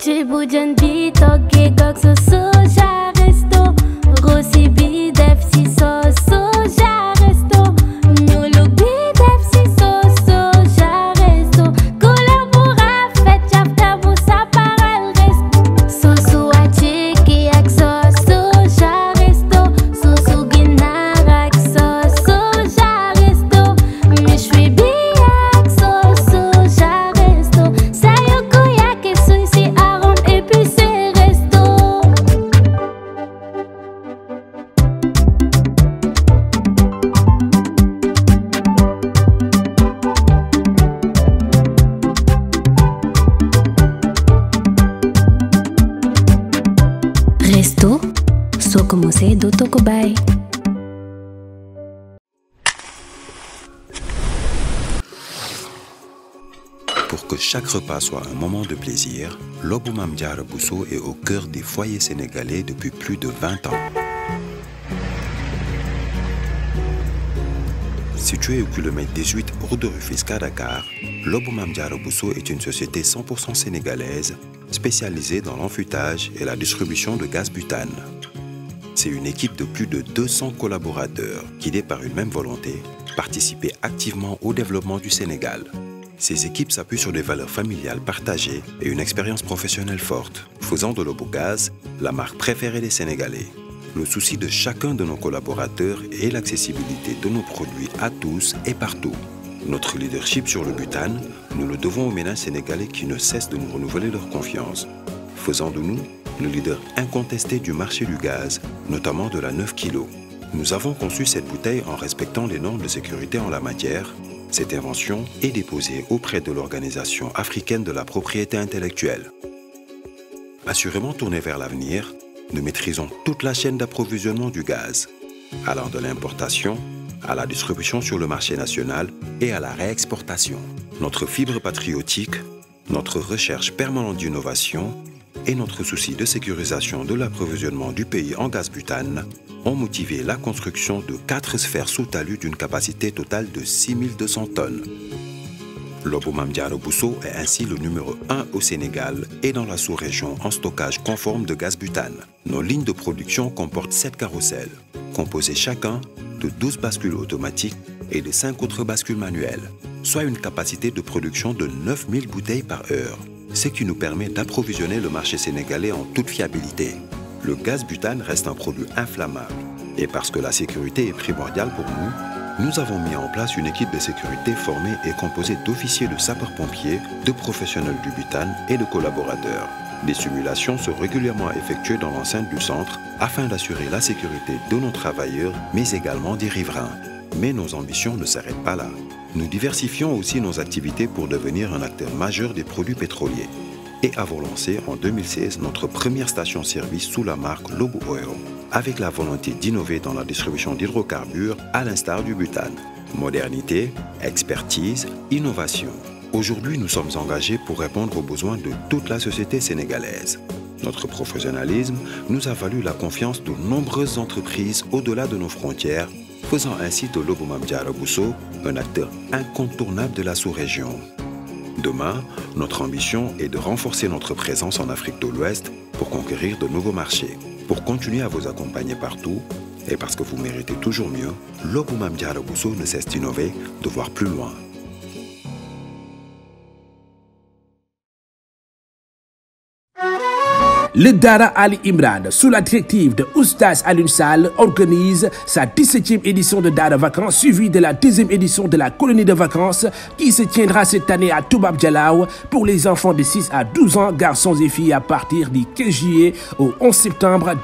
Që bu gjën ditë, o okay, gogë së së को मुसे दोतो que chaque repas soit de plaisir, l'Oboumam Diarra Bousso est au cœur des foyers sénégalais depuis de 20 ans. Situé au kilomètre 18 route de Rufisque à Dakar, l'Oboumam Diarra Bousso est une société 100% sénégalaise la distribution de gaz butane. C'est une équipe de plus de collaborateurs, guidés par une même volonté, participer activement au développement du Sénégal. Ces équipes s'appuient sur des valeurs familiales partagées et une expérience professionnelle forte, faisant de l'Obogaz la marque préférée des Sénégalais. Le souci de chacun de nos collaborateurs est l'accessibilité de nos produits à tous et partout. Notre leadership sur le butane, nous le devons aux ménages sénégalais qui le leader incontesté du marché du gaz, notamment de la 9 kg. Nous avons conçu cette bouteille en respectant les normes de sécurité en la matière. Cette invention est déposée auprès de l'Organisation africaine de la propriété intellectuelle. Assurément tournée vers l'avenir, nous maîtrisons toute la chaîne d'approvisionnement du gaz, allant de l'importation à la distribution sur le marché national et à la réexportation. Notre fibre patriotique, notre recherche et notre souci de sécurisation de l'approvisionnement du pays en gaz butane ont motivé la construction de quatre sphères sous talus d'une capacité totale de 6200 tonnes. L'Obomam Diarra Bousso est ainsi le numéro 1 au Sénégal et dans la sous-région en stockage conforme de gaz butane. Nos lignes de production comportent 7 carrousels, composés chacun de 12 bascules automatiques et de 5 autres bascules manuelles, soit une capacité de production de ce qui nous permet d'approvisionner le marché sénégalais en toute fiabilité. Le gaz butane reste un produit inflammable. Et parce que la sécurité est primordiale pour nous, nous avons mis en place une équipe de sécurité formée et composée d'officiers de sapeurs-pompiers, de professionnels du butane et de collaborateurs. Des simulations sont régulièrement effectuées dans l'enceinte du centre afin d'assurer la sécurité de nos travailleurs, mais également des riverains. Nous diversifions aussi nos activités pour devenir un acteur majeur des produits pétroliers et avons lancé en 2016 notre première station-service sous la marque Lobo Oil, avec la volonté d'innover dans la distribution d'hydrocarbures à l'instar du butane. Modernité, expertise, innovation. Aujourd'hui, nous sommes engagés pour répondre aux besoins de toute la société sénégalaise. Notre professionnalisme nous a valu la confiance de nombreuses entreprises au-delà faisant ainsi de Lobou Mame un acteur incontournable de la sous-région. Demain, notre ambition est de renforcer notre présence en Afrique de l'Ouest pour conquérir de nouveaux marchés. Pour continuer à vous accompagner partout, et parce que vous méritez toujours mieux, Lobou Mame ne cesse d'innover, de voir plus loin. Le Dara Ali Imran, sous la directive de Oustaz Alioune Sall, organise sa 17e édition de Dara Vacances, suivie de la deuxième édition de la colonie de vacances qui se tiendra cette année à Toubab Dialaw pour les enfants de 6 à 12 ans, garçons et filles à partir du juillet au septembre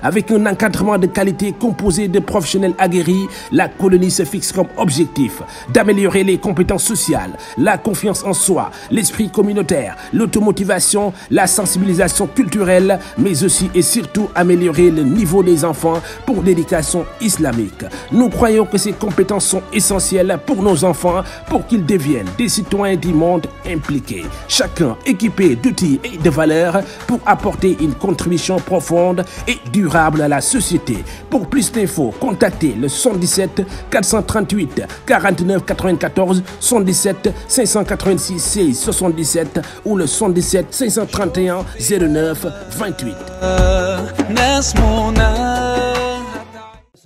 Avec un encadrement de qualité composé de professionnels aguerris, la colonie se fixe comme objectif d'améliorer les compétences sociales, la confiance en soi, l'esprit communautaire, l'automotivation, la sensibilisation l'éducation culturelle, mais surtout améliorer le niveau des enfants pour l'éducation islamique. Nous croyons que ces compétences sont essentielles pour nos enfants pour qu'ils deviennent des citoyens du monde impliqués, chacun équipé d'outils et de valeurs pour apporter une contribution profonde et durable à la société. Pour plus d'infos, contactez le 77 438 49 94 77 586 6 77 ou le 77 531 09 9 28.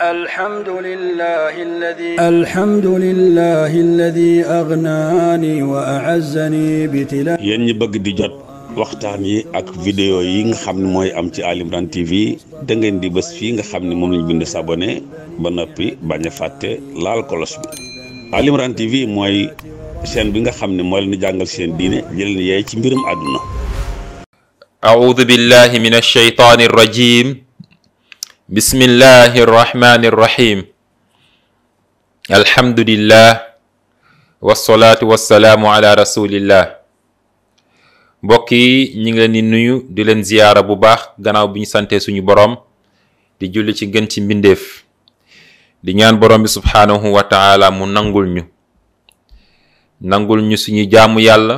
الحمد لله الذي الحمد لله الذي أغناني وأعزني بتلا yéen ñi bëgg di jot waxtaan yi ak vidéo yi nga xam ne mooy am ci Ali Imran TV da ngeen di bés fii nga xam ne moom lañ bind s'abonner ba noppi bañ a fàtte laal kolos bi Ali Imran TV mooy chaîne bi nga xam ne moo leen di jàngal seen diine jëleen yaay ci mbirum àdduna أعوذ بالله من الشيطان الرجيم بسم الله الرحمن الرحيم الحمد لله والصلاة والسلام على رسول الله mbokk yi ñu ngi leen di nuyu di leen ziyaara bu baax gannaaw bi ñu sante suñu boroom di julli ci gën ci mbindeef di ñaan boroom bi subhaanahu wa mu nangul ñu nangul ñu suñuy jaamu yàlla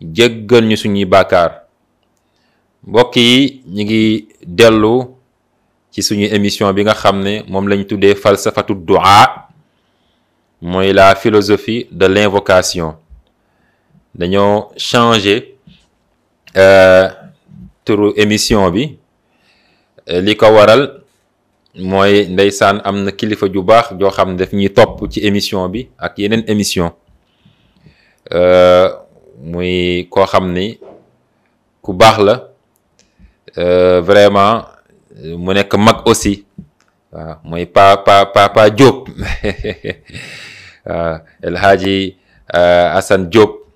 jéggal ñu suñuy bàkkaar mbokk yi ñu ngi dellu ci suñu émission bi nga xam ne moom lañ tuddee falsafatu du'a mooy la philosophie de l'invocation dañoo changer euh, turu émission bi li ko waral mooy ndeysaan am na kilifa ju baax joo xam ne daf ñu topp ci émission bi ak yeneen émission euh, muy koo xam ni ku baax la Euh, vraiment mu nekk mag aussi waaw mooy papa papa pa pa Diop waaw El euh, Assane Diop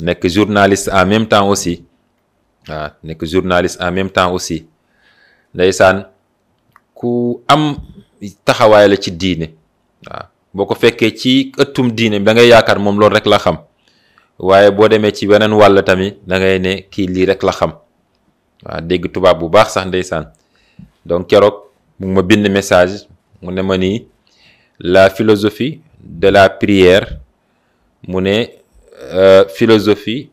nekk journaliste en même temps aussi waaw nekk journaliste en même temps aussi saan ku am taxawaay la ci diine waaw boo ko fekkee ci ëttum diine da ngay yaakaar moom loolu rek la xam waaye boo demee ci beneen wàll tamit da ngay ne kii lii rek la xam waaw dégg tubaab bu baax sax ndeysaan donc keroog mu ma bind message mu ne ma nii la philosophie de la prière mu ne euh, philosophie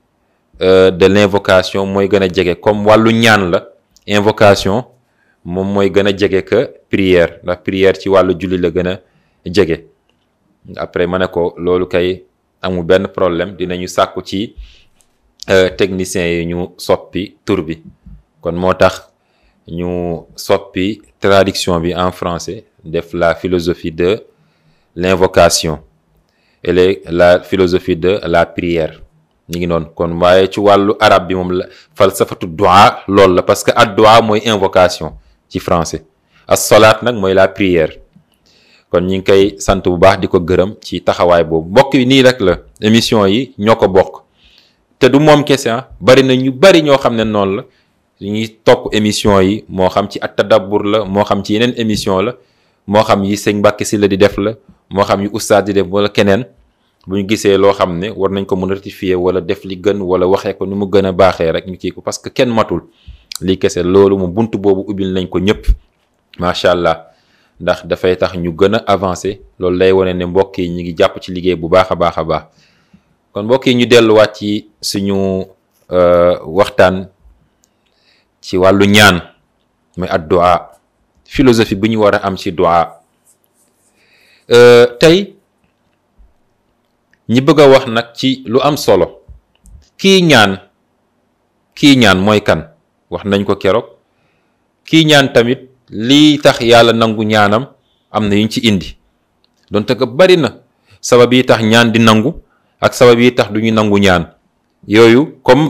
euh, de l'invocation mooy gën a jege comme wàllu ñaan la invocation moom mooy gën a jege que prière ndax prière ci wàllu julli la gën a jege après ma ne ko loolu kay amul benn problème dinañu sàkku ci euh, techniciens yi ñu soppi tur bi kon moo tax ñu soppi traduction bi en français def la philosophie de l'invocation et les, la philosophie de la prière ñu ngi noonu kon waaye ci wàllu arab bi moom la falsafatu dua loolu la parce que ad dua mooy invocation ci français a solaat nag mooy la prière kon ñu ngi koy sant bu baax di ko gërëm ci taxawaay boobu mbokk yi nii rek la émission yi ñoo ko bokk te du moom kese ah. bari na ñu bari ñoo xam ne noonu la ñuy topp émission yi moo xam ci at tadabbur la moo xam ci yeneen émission la moo xam yi sëñ si la di def la moo xam yi oustaz di def wala keneen bu ñu gisee loo xam ne war nañ ko mën a rectifier wala def li gën wala waxee ko ni mu gën a baaxee rek ñu kii ko parce que kenn matul lii kese loolu mu bunt boobu ubbil nañ ko ñëpp macha allah ndax dafay tax ñu gën a avancé loolu lay wane ne mbokk yi ñu ngi jàpp ci liggéey bu baax a baax a baax kon mbokk yi ñu delluwaat ci suñu euh, waxtaan ci wàllu ñaan mooy addu'a philosophie bi ñu war a am ci du'a euh, tey ñi bëgg a wax nag ci lu am solo kii ñaan kii ñaan mooy kan wax nañ ko keroog kii ñaan tamit lii tax yàlla nangu ñaanam am na yuñ ci indi dont ko bari na sabab yi tax ñaan di nangu ak sabab yi tax duñu nangu ñaan yooyu comme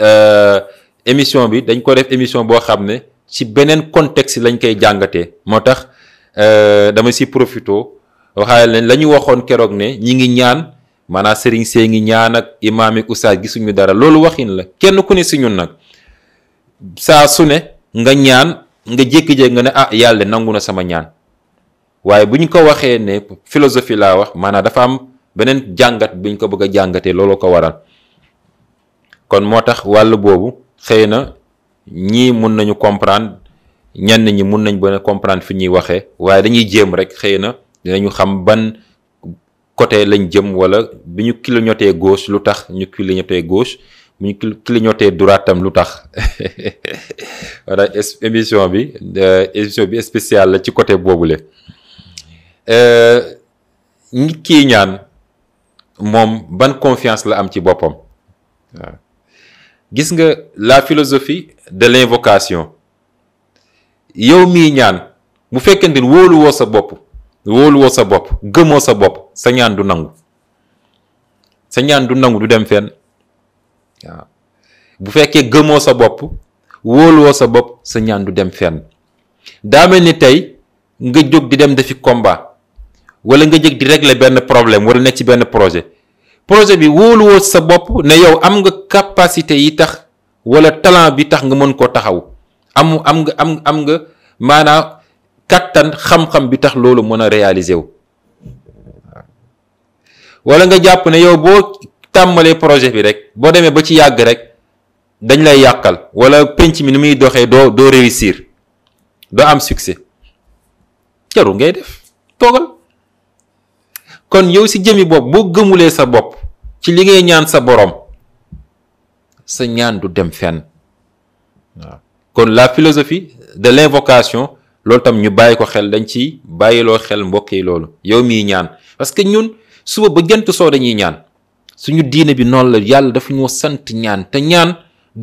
euh, émission bi dañ ko def émission boo xam ne ci beneen contexte lañ koy jàngatee moo tax euh, dama si profito waxaale leen la ñu waxoon keroog ne ñi ngi ñaan maanaa sëriñ see ngi ñaan ak imaam ak gisuñu dara loolu waxin la kenn ku ne si ñun nag saa su ne nga ñaan nga jékki-jékki nga ne ah yàlla nangu na sama ñaan waaye bu ñu ko waxee ne philosophie laa wax maanaa dafa am beneen jàngat bu ñu ko bëgg a jàngatee looloo ko waral kon moo tax wàll boobu. xëy na ñii mun nañu comprendre ñenn ñi mun nañ ba comprendre fi ñuy waxee waaye dañuy jéem rek xëy na dinañu xam ban côté lañ jëm wala bi ñu kilo ñotee gauche lu tax ñu clignotee gauche bu ñu clignotee droite tam lu tax wala émission bi euh, émission bi spéciale la ci côté boobule le euh, kii ñaan moom ban confiance la am ci boppam gis nga la philosophie de l'invocation yow mii ñaan bu fekkente ni wóoluwoo sa bopp wóoluwoo sa bopp gëmoo sa bopp sa ñaan du nangu sa ñaan du nangu du dem fenn bu fekkee gëmoo sa bopp wóoluwoo sa bopp sa ñaan du dem fenn daa mel ni tey nga jóg di dem defi combat wala nga jóg di régler benn problème wala nekk ci benn projet projet bi wóoluwoo sa bopp ne yow am nga capacité yi tax wala talent bi tax nga mën koo taxaw am am nga am am nga maanaam kàttan xam-xam bi tax loolu mën a réaliser wu wala nga jàpp ne yow boo tàmbalee projet bi rek boo demee ba ci yàgg rek dañ lay yàqal wala penc mi ni muy doxee doo doo réussir doo am succès jarul ngay def toogal kon yow si jëmi bopp boo gëmulee sa bopp ci li ngay ñaan sa borom sa ñaan du dem fenn waaw kon la philosophie de l'invocation loolu tam ñu bàyyi ko xel dañ ci bàyyiloo xel mbokk loolu yow miy ñaan parce que ñun suba ba gént soo dañuy ñaan suñu diine bi noonu la yàlla dafa ñoo sant ñaan te ñaan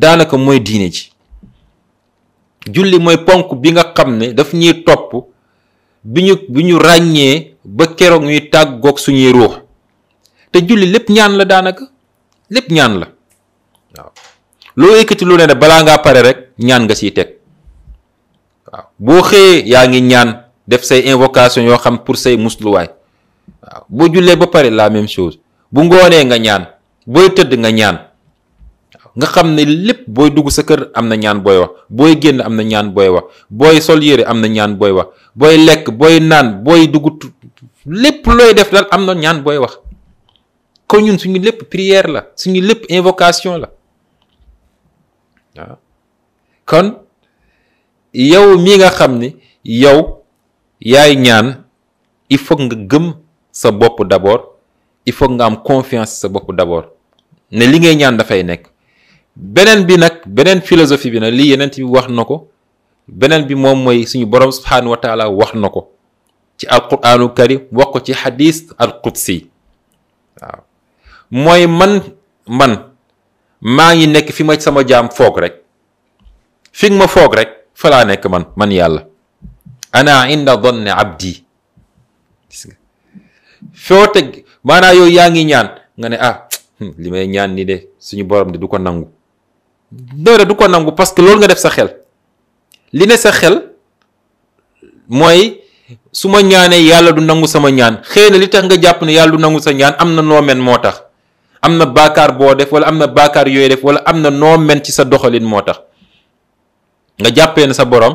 daanaka mooy diine ci julli mooy ponk bi nga xam ne daf ñuy topp bi ñu bi ñu ràññee ba keroog ñuy tàggoog suñuy ruux te julli lépp ñaan la daanaka lépp ñaan la waaw loo yëkkati lu ne ne balaa ngaa pare rek ñaan nga siy teg waaw boo xëyee yaa ngi ñaan def say invocation yoo xam pour say musluwaay waaw boo jullee ba pare la même chose bu ngoonee nga ñaan booy tëdd nga ñaan nga xam ne lépp booy dugg sa kër am na ñaan booy wax booy génn am na ñaan booy wax booy sol yére am na ñaan booy wax booy lekk booy naan booy dugg lépp looy def daal am na ñaan booy wax ko ñun suñu lépp prière la suñu lépp invocation la waaw kon yow mii nga xam ni yow yaay ñaan il faut nga gëm sa bopp d'abord il faut nga am confiance sa bopp d'abord ne li ngay ñaan dafay nekk beneen bi nag beneen philosophie bi nag li yenent bi wax na ko beneen bi moom mooy suñu borom subhaanahu wa wax na ko ci alquraanul karim wax ko ci xadis alqudsi waaw mooy man man maa ngi nekk fi ma sama jaam foog rek fi ma foog rek falaa nekk man man yàlla ana inda dhanni abdi gis nga foo teg maanaa yow yaa ngi ñaan nga ne ah hmm, li may ñaan ni de suñu borom de du ko nangu dëgg du ko nangu parce que loolu nga def sa xel li ne sa xel mooy su ma ñaanee yàlla du nangu sama ñaan xëy na li tax nga jàpp ne yàlla du nangu sa ñaan am na noo men moo tax am na baakaar boo def wala am na baakaar yooyu def wala am na noo men ci sa doxalin moo tax nga jàppee ne sa borom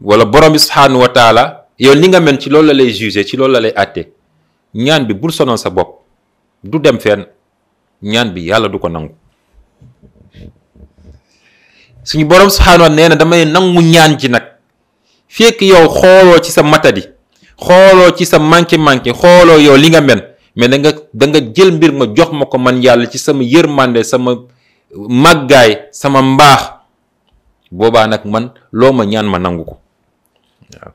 wala borom bi subhaanahu wa taala yow li nga men ci loolu la lay jugé ci loolu la lay àtte ñaan bi bul sonal sa bopp du dem fenn ñaan bi yàlla du ko nangu. suñu borom subhaanahu wa nee na damay nangu ñaan ji nag fekk yow xooloo ci sa matadi xooloo ci sa manqué-manqué xooloo yow li nga men mais da nga da jël mbir ma jox ma ko man yàlla ci sama yërmande sama màggaay sama mbaax boobaa nag man loo ma ñaan ma nangu ko waaw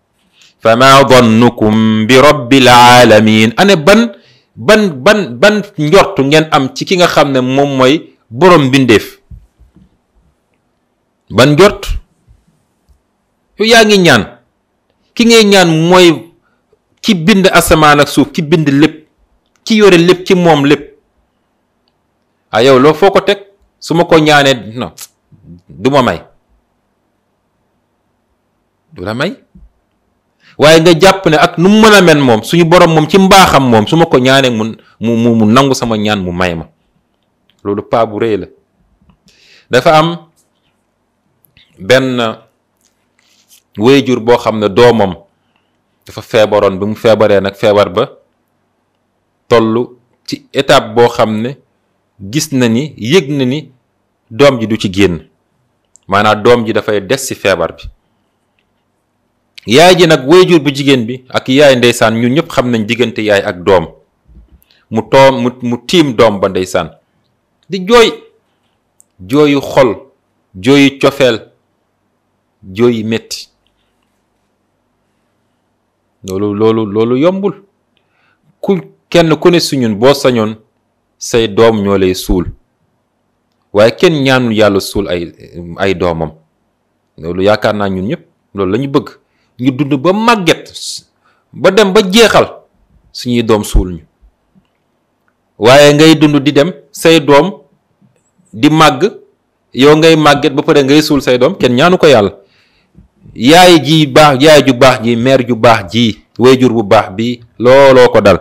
fa ma dannukum bi rabbil alamin ane ban ban ban ban njort ngeen am ci ki nga xam ne moom mooy borom mbindeef ban njort yow yaa ngi ñaan ki ngay ñaan mooy ci bind asamaan ak suuf ci bind lépp ci yore lépp ci moom lépp ah yow loo foo ko teg su ma ko ñaanee non du ma may du la may waaye nga jàpp ne ak nu mën a mel moom suñu borom moom ci mbaaxam moom su ma ko ñaanee mu mu mu nangu sama ñaan mu may ma loolu paa rëy la dafa am. benn wéyjur boo xam ne doomam dafa feebaroon bi mu feebaree nag feebar ba toll ci étape boo xam ne gis na ni yëg na ni doom ji du ci génn maanaam doom ji dafay des ci feebar bi yaay ji nag wéyjur bu jigéen bi ak yaay ndeysaan ñu ñëpp xam nañ diggante yaay ak doom mu toom mu tiim doom ba ndeysaan di jooy jooyu xol jooyu cofeel jooy metti loolu loolu loolu yombul ku kenn ku ne suñun boo sañoon say doom ñoo lay suul waaye kenn ñaanul yàlla suul ay ay doomam loolu yaakaar naa ñun ñëpp loolu lañu bëgg ñu dund ba màgget ba dem ba jeexal suñuy doom suul ñu waaye ngay dund di dem say doom di màgg yow ngay màgget ba pare ngay suul say doom kenn ñaanu ko yàlla yaay ji baax yaay ju baax ji mère ju baax ji jur bu baax bi looloo ko dal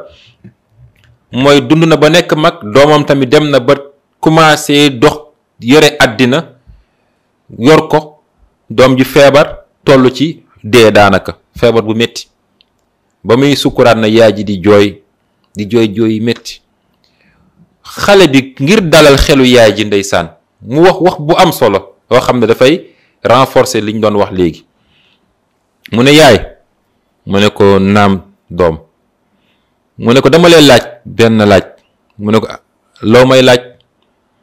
mooy dund na ba nekk mag doomam tamit dem na ba commencé dox yore àddina yor ko doom ji feebar toll ci dee daanaka feebar bu métti ba muy sukkuraat na yaay ji di jooy di jooy jooy métti xale bi ngir dalal xelu yaay ji ndeysaan mu wax wax bu am solo loo xam ne dafay renforcer liñ doon wax léegi mu ne yaay mu ne ko naam doom mu ne ko dama lee laaj benn laaj mu ne ko loo may laaj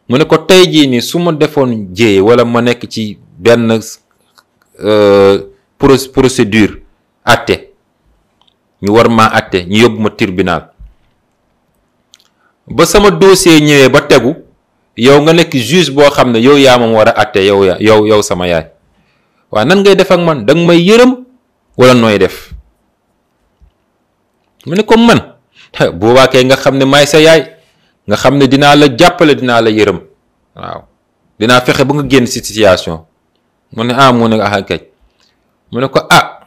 mu ne ko tey jii ni su ma defoon jéey wala ma nekk ci benn euh, pro procédure àtte ñu war maa àtte ñu yóbbu ma tribunal ba sama dossier ñëwee ba tegu yow nga nekk juge boo xam ne yow yaa moom war a àtte yow yow yow sama yaay waaw nan ngay def man danga may yërëm wala nooy def mu ne ko man boobaa kay nga xam ne maay sa yaay nga xam ne dinaa la jàppale dinaa la yërëm waaw dinaa fexe ba nga génn si situation mu ne ah, ah mu ne ko ah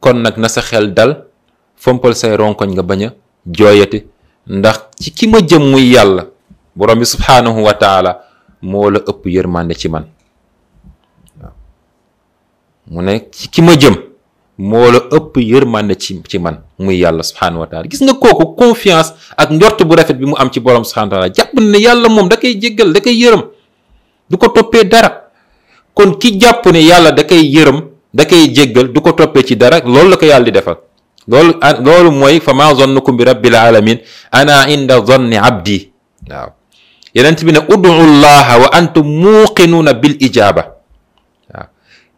kon nag na sa xel dal fompal say ronkoñ nga bañ a jooyati ndax ci ki ma jëm muy yàlla borom bi subhaanahu wa taala moo la ëpp yërmande ci man mu ne ci ki ma jëm. moo la ëpp yërmande ci ci man muy yàlla subhaanahu wa gis nga kooku confiance ak njort bu rafet bi mu am ci borom subhaanahu wa taala jàpp ne yàlla moom da koy jéggal da koy yërëm ko toppee dara kon ki jàpp ne yàlla da koy yërëm da koy jéggal du ko toppee ci dara loolu la ko yàlla di defal loolu ah, loolu mooy fa maa zannukum bi rabbil alamin ana inda zanni abdi waaw yenent bi ne udu llaha wa antum muuqinuuna bil ijaaba waaw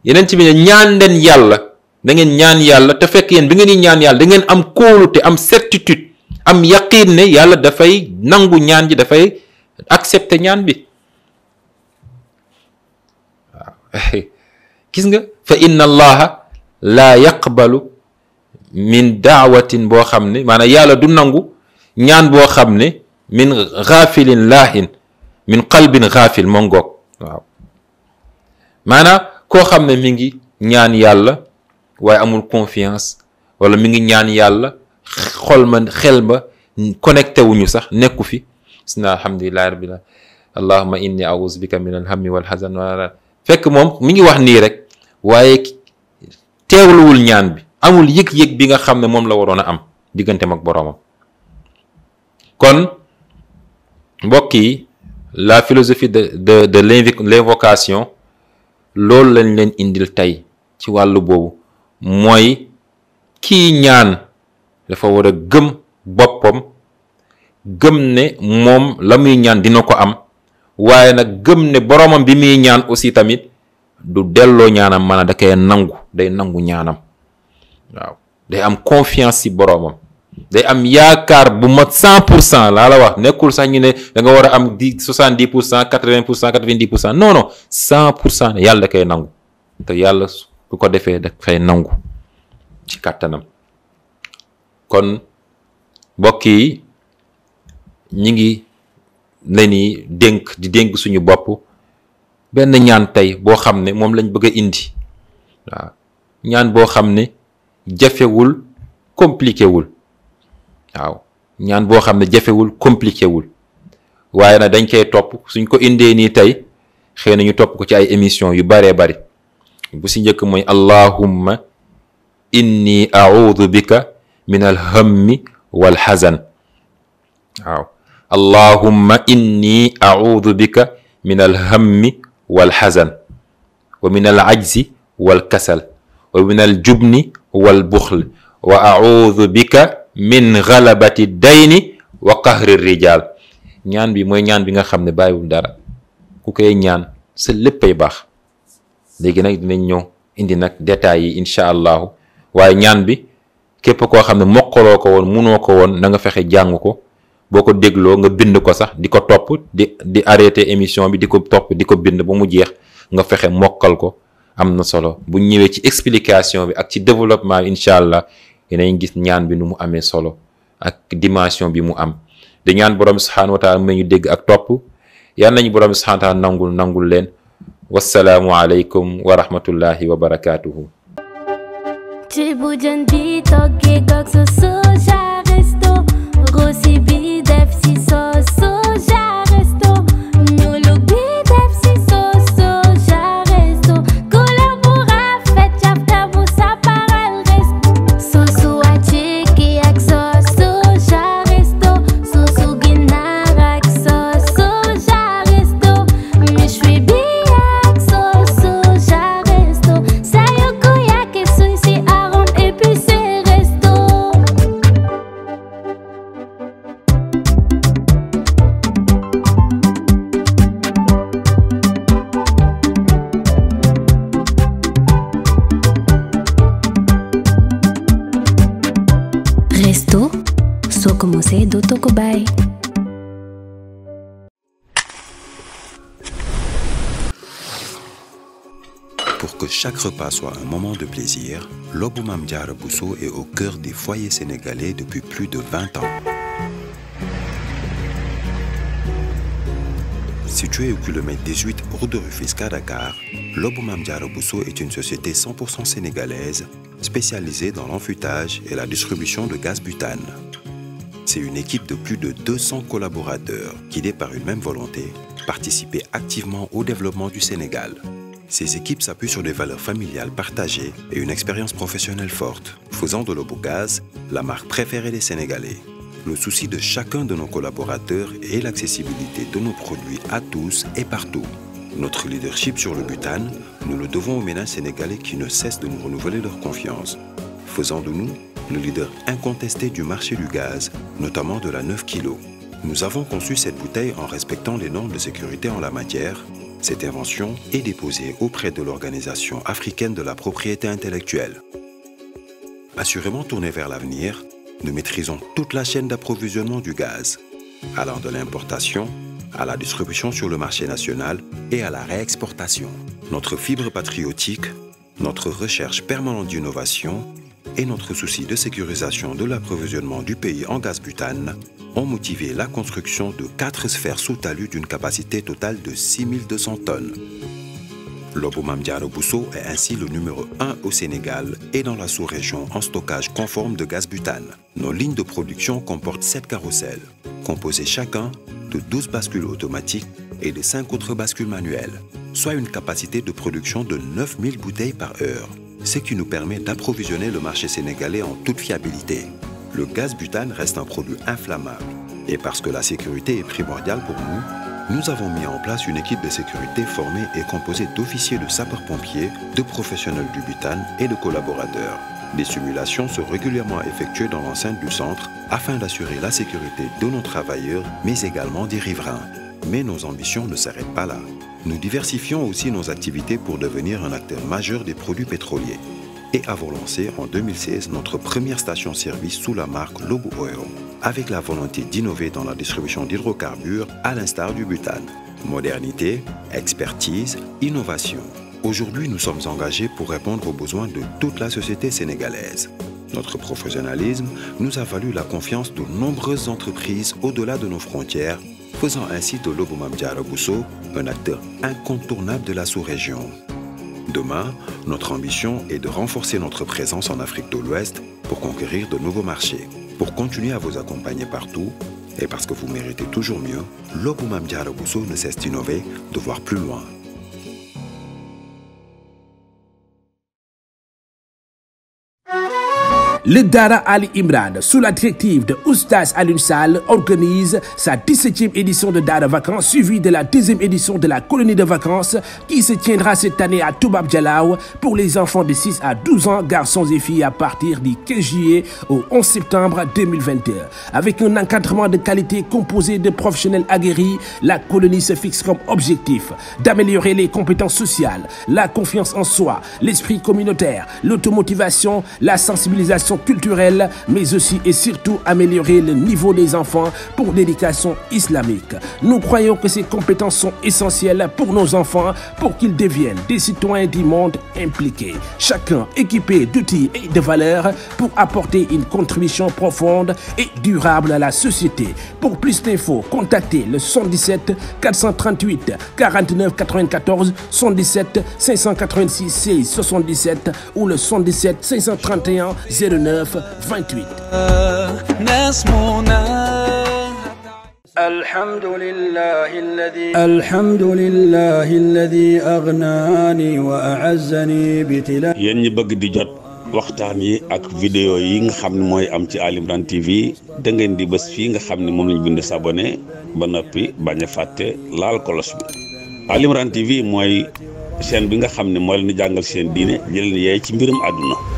yenent bi ne ñaan yàlla da ngeen ñaan yàlla te fekk yéen bi ngeen di ñaan yàlla da ngeen am kóolute am certitude am yaqiin ne yàlla dafay nangu ñaan ji dafay accepter ñaan bi gis nga fa inna allaha laa yaqbalu min daawatin boo xam ne maanaam yàlla du nangu ñaan boo xam ne min xaafilin laahin min qalbin xaafil moo ngoog koo xam ne mi ngi ñaan yàlla waaye amul confiance wala mi ngi ñaan yàlla xol ma xel ma connecté wuñu sax nekku fi si na alhamdulillahi rabbil allahuma inni auzu bika min alhammi walxasan wala fekk moom mi ngi wax nii rek waaye teewluwul ñaan bi amul yëg-yëg bi nga xam ne moom la waroon a am digganteem ak boroomam kon mbokk yi la philosophie de de de l'invocation loolu lañ leen indil tey ci wàll boobu mooy kii ñaan dafa war a gëm boppam gëm ne moom la muy ñaan dina ko am waaye nag gëm ne boromam bi muy ñaan aussi tamit du delloo ñaanam maanaam da koy nangu day nangu ñaanam waaw day am confiance ci boromam day am yaakaar bu mat cent pour cent laa la wax nekkul sax ñu ne da nga war a am di soixante dix pour cent quatre vingt pour cent quatre vingt dix pour cent non cent pour cent yàlla da koy nangu yàlla bu ko defee da fay nangu ci kàttanam kon mbokk yi ñi ngi leen di dénk di dénk suñu bopp benn ñaan tey boo xam ne moom lañ bëgg indi waaw ñaan boo xam ne jafewul compliqué wul waaw ñaan boo xam ne jafewul compliqué wul waaye nag dañ koy topp suñ ko indee nii tey xëy nañu topp ko ci ay émission yu baree bari bu si njëkk mooy allahumma inni audu bika min alhammi walxazan waaw allahumma inni audu bika min alhammi walxazan wa min alajzi walkasal wa min aljubni walbuxl wa audu bika min galabati dayni wa qahri rijaal ñaan bi mooy ñaan bi nga xam ne bàyyiwul dara ku koy ñaan sa léppay baax léegi nag dinañ ñëw indi nag détails yi incha allahu waaye ñaan bi képp koo xam ne mokkaloo ko woon munoo ko woon na nga fexe jàng ko boo ko dégloo nga bind ko sax di ko topp di di arrêté émission bi di ko topp di ko bind ba mu jeex nga fexe mokkal ko am na solo bu ñëwee ci explication bi ak ci développement bi incha allah dinañ gis ñaan bi nu mu amee solo ak dimension bi mu am di ñaan borom subhaanahu wa taala mu ñu dégg ak topp yal nañu borom subhaanahu nangul nangul leen. wassalaamu aleykum wa rahmatullahi wa barakaatuhu ci bu jën bi toggee gog sa soja resto rosi bi def si so Esto, so como se do toco bai. Pour que chaque repas soit un moment de plaisir, l'Oboumam Diara est au cœur des foyers sénégalais depuis plus de 20 ans. Située au kilomètre 18 route de Rufisque à Dakar, l'Obou Mame Diarra Bousso est une société 100% sénégalaise spécialisée dans l'enfûtage et la distribution de gaz butane. C'est une équipe de plus de collaborateurs guidés par une même volonté, participer activement au développement du Sénégal. Ces équipes s'appuient sur des valeurs familiales partagées et une expérience professionnelle forte, faisant de l'Obogaz la marque préférée des Sénégalais. Le souci de chacun de nos collaborateurs est l'accessibilité de nos produits à tous et partout. Notre leadership sur le butane, nous le devons aux ménages sénégalais qui ne cessent de nous renouveler leur confiance, faisant de nous le leader incontesté du marché du gaz, notamment de la 9 kg. Nous avons conçu cette bouteille en respectant les normes de sécurité en la matière. Cette invention est déposée auprès de l'Organisation africaine de la propriété intellectuelle. Assurément tournée nous maîtrisons toute la chaîne d'approvisionnement du gaz, allant de l'importation à la distribution sur le marché national et à la réexportation. Notre fibre patriotique, notre recherche permanente d'innovation et notre souci de sécurisation de l'approvisionnement du pays en gaz butane ont motivé la construction de quatre sphères sous talus d'une capacité totale de 6200 tonnes. L'Obo Mamdiaro Bousso est ainsi le numéro 1 au Sénégal et dans la sous-région en stockage conforme de gaz butane. Nos lignes de production comportent 7 carrousels, composés chacun de 12 bascules automatiques et de 5 autres bascules manuelles, soit une capacité de production de 9000 bouteilles par heure, ce qui nous permet d'approvisionner le marché sénégalais en toute fiabilité. Le gaz butane reste un produit inflammable et parce que la sécurité est primordiale nous avons mis en place une équipe de sécurité formée et composée d'officiers de sapeurs-pompiers, de professionnels du butane et de collaborateurs. Des simulations sont régulièrement effectuées dans l'enceinte du centre afin d'assurer la sécurité de nos travailleurs, mais également des riverains. Mais nos ambitions ne s'arrêtent pas là. Nous diversifions aussi nos activités pour devenir un acteur majeur des produits pétroliers et avons lancé en notre la marque avec la volonté d'innover dans la distribution d'hydrocarbures à l'instar du butane. Modernité, expertise, innovation. Aujourd'hui, nous sommes engagés pour répondre aux besoins de toute la société sénégalaise. Notre professionnalisme nous a valu la confiance de nombreuses entreprises au-delà de nos frontières, faisant ainsi de l'Obomam Bousso un acteur incontournable de la sous-région. Demain, notre ambition est de renforcer notre présence en Afrique Pour continuer à vous accompagner partout, et parce que vous méritez toujours mieux, Lobou Mame Diarra Bousso ne cesse d'innover, de voir plus loin. Le Dara Ali Imran, sous la directive de Oustaz Alioune Sall, organise sa 17e édition de Dara Vacances, suivie de la deuxième édition de la colonie de vacances qui se tiendra cette année à Toubab Dialaw pour les enfants de 6 à 12 ans, garçons et filles à partir du 15 juillet au septembre Avec un encadrement de qualité composé de professionnels aguerris, la colonie se fixe comme objectif d'améliorer les compétences sociales, la confiance en soi, l'esprit communautaire, l'automotivation, la sensibilisation l'éducation culturelle, mais aussi et surtout améliorer le niveau des enfants pour l'éducation islamique. Nous croyons que ces compétences sont essentielles pour nos enfants pour qu'ils deviennent des citoyens du monde impliqués, chacun équipé d'outils et de valeurs pour apporter une contribution profonde et durable à la société. Pour plus d'infos, contactez le 77 438 49 94 77 586 6 77 ou le 77 531 09. 9 28 الحمد لله الذي الحمد لله الذي أغناني وأعزني بتلا yéen ñi bëgg di jot waxtaan yi ak vidéo yi nga xam ne mooy am ci Ali Imran TV da ngeen di bés fii nga xam ne moom lañ bind s'abonner ba noppi bañ a fàtte laal kolos bi Ali Imran TV mooy chaîne bi nga xam ne moo leen di jàngal seen diine jëleen yee ci mbirum àdduna